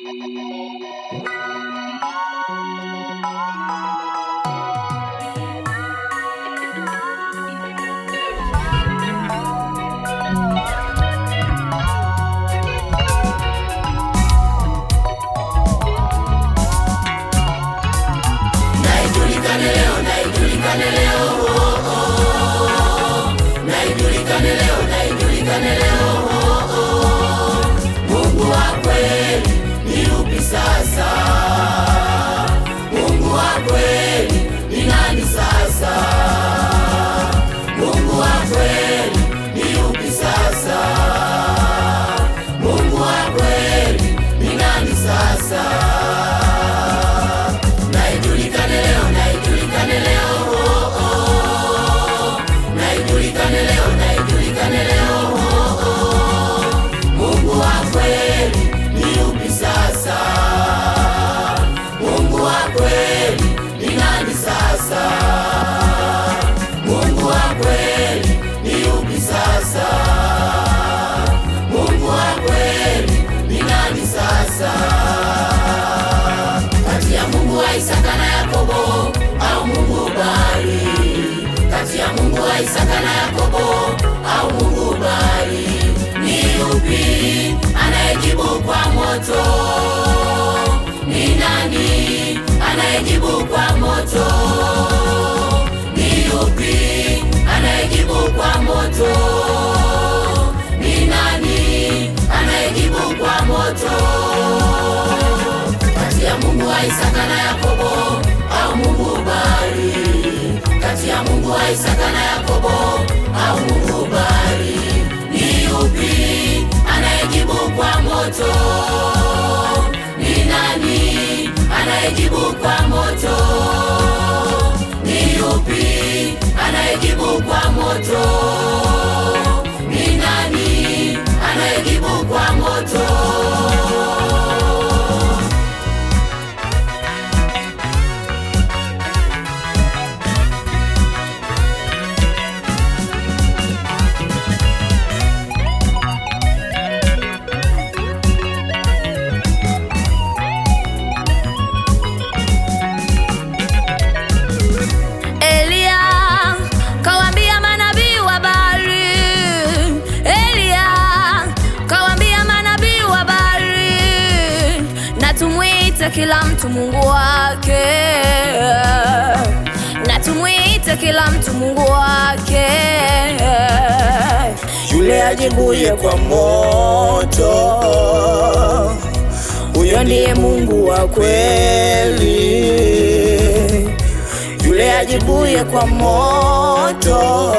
Thank you. Isaka na Yakobo au Mungu Bari? Ni yupi anayejibu kwa moto? Ni nani anayejibu kwa moto? Ni yupi anayejibu kwa moto? Ni nani anayejibu kwa moto? Kati ya Mungu wa Isaka na Yakobo Isaka na Yakobo au Mungu Bari? Ni upi anayejibu kwa moto? Ni nani anayejibu kwa moto? Ni upi anayejibu kwa moto? tumwite kila mtu Mungu wake, na tumwite kila mtu Mungu wake. Yule ajibuye kwa moto, huyo ndiye Mungu wa kweli. Yule ajibuye kwa moto,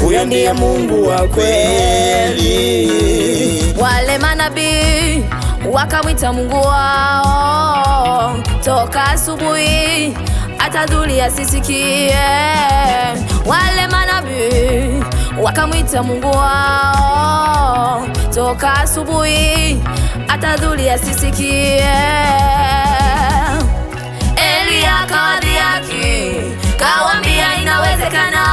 huyo ndiye Mungu wa kweli. Wale manabii wakamwita Mungu wao toka asubuhi hata dhuli asisikie. Wale manabii wakamwita Mungu wao toka asubuhi hata dhuli asisikie. Eliya kawadhihaki, kawambia inawezekana.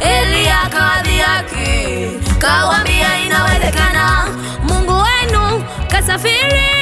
Eliya kawadhihaki, kawambia inawezekana Rastafari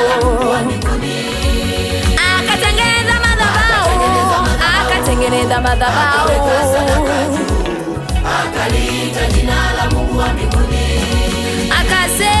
kutengeneza madhabahu akaliita jina la Mungu wa mbinguni akasema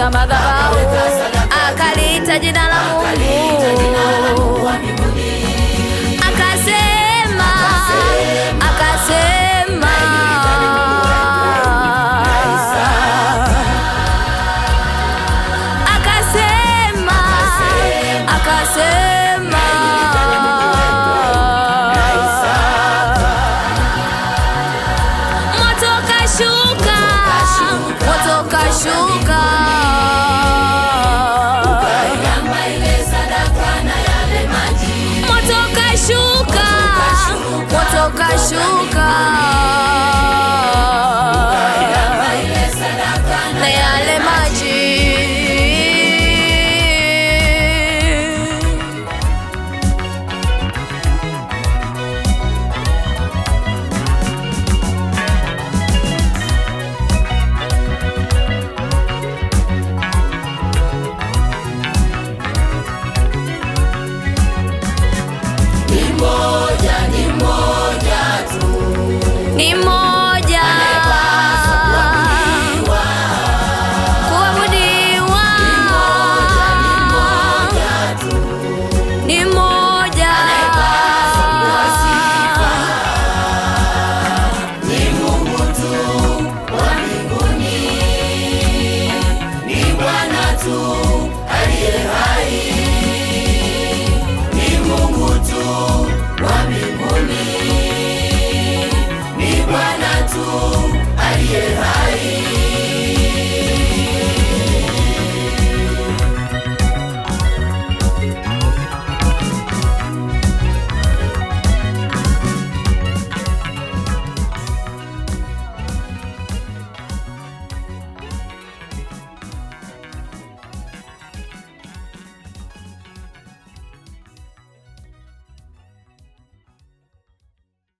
katika madhabahu, akaliita jina la Mungu. God. Ni